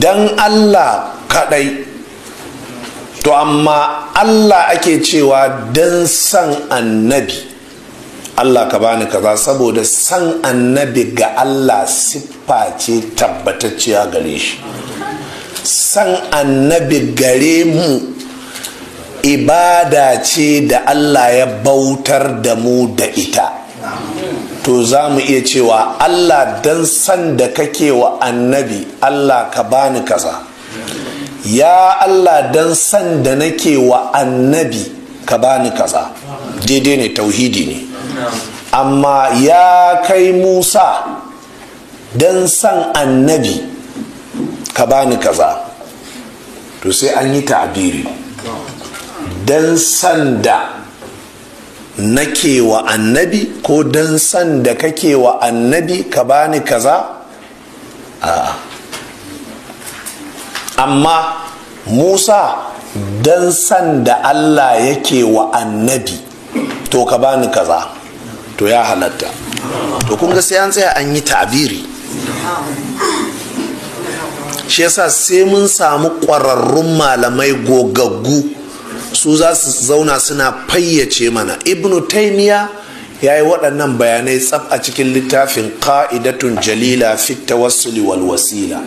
dan allah kadai to amma allah ake cewa dan san annabi allah ka bani kaza saboda san annabi ga allah siffa ce tabbatacciya gare shi san annabi gare mu ibada ce da allah ya bautar da mu da ita to za mu iya cewa allah dan san da kake wa annabi allah ka bani kaza ya allah dan san da nake wa annabi ka bani kaza daidai ne tauhidi ne amma ya kai musa dan san annabi ka bani kaza to sai an yi ta'abiri dan san da nake wa annabi ko don san da ka wa annabi ka bani kaza a'a amma musa don san da allah yake wa annabi to ka bani kaza to ya halatta to kun ga sai an tsaya an yi tabiri shi yasa sai mun samu ƙwararrun malamai gogaggu su za su zauna suna fayyace mana ibnu taimiya ya yi waɗannan bayanai tsaf a cikin littafin ka'idatun jalila fit tawassuli wal wasila